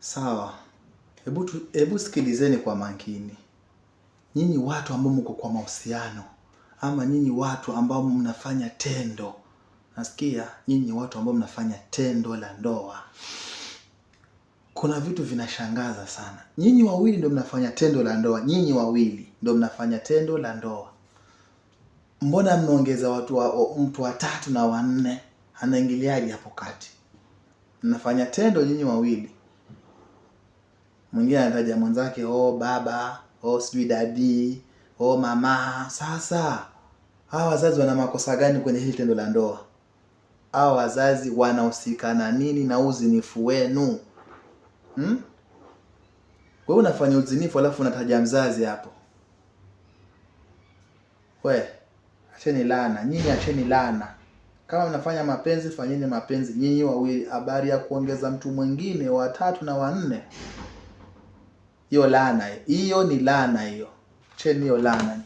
Sawa, hebu tu, hebu sikilizeni kwa makini nyinyi watu ambao mko kwa mahusiano ama nyinyi watu ambao mnafanya tendo, nasikia nyinyi watu ambao mnafanya tendo la ndoa, kuna vitu vinashangaza sana. Nyinyi wawili ndio mnafanya tendo la ndoa, nyinyi wawili ndio mnafanya tendo la ndoa. Mbona mnaongeza watu wa, mtu wa tatu na wanne? Anaingiliaje hapo kati? Mnafanya tendo nyinyi wawili mwingine anataja mwenzake, oh baba, oh sijui dadi, oh mama. Sasa hawa wazazi wana makosa gani kwenye hili tendo la ndoa? Hawa wazazi wanahusikana nini na uzinifu wenu hmm? hiyo unafanya uzinifu alafu unataja mzazi hapo. We, acheni lana nyinyi, acheni lana Kama mnafanya mapenzi, fanyeni mapenzi nyinyi wawili. Habari ya kuongeza mtu mwingine wa tatu na wa nne hiyo laana, hiyo ni laana hiyo. Cheni hiyo laana.